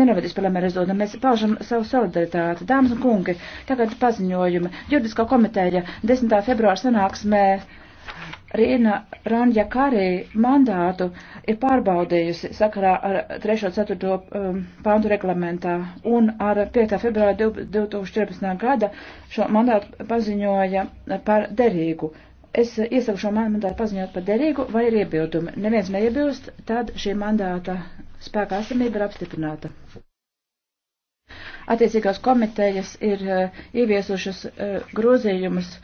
Nenovedīs par lēmēju rezultātu, mēs paužam savu solidaritāti. Dāmas un kungi, tagad paziņojumi. Juridiskā komiteja 10. februāra sanāksmē Rīna Ranja Karī mandātu ir pārbaudījusi sakarā ar 3.4. Um, pāntu reglamentā un ar 5. februāra 2014. gada šo mandātu paziņoja par derīgu. Es iesaku šo mandātu paziņot par derīgu vai ir iebildumi. Neviens neiebilst, tad šī mandāta spēkā esamība ir apstiprināta. Attiecīgās komitejas ir eh, ieviesušas eh, grozījumus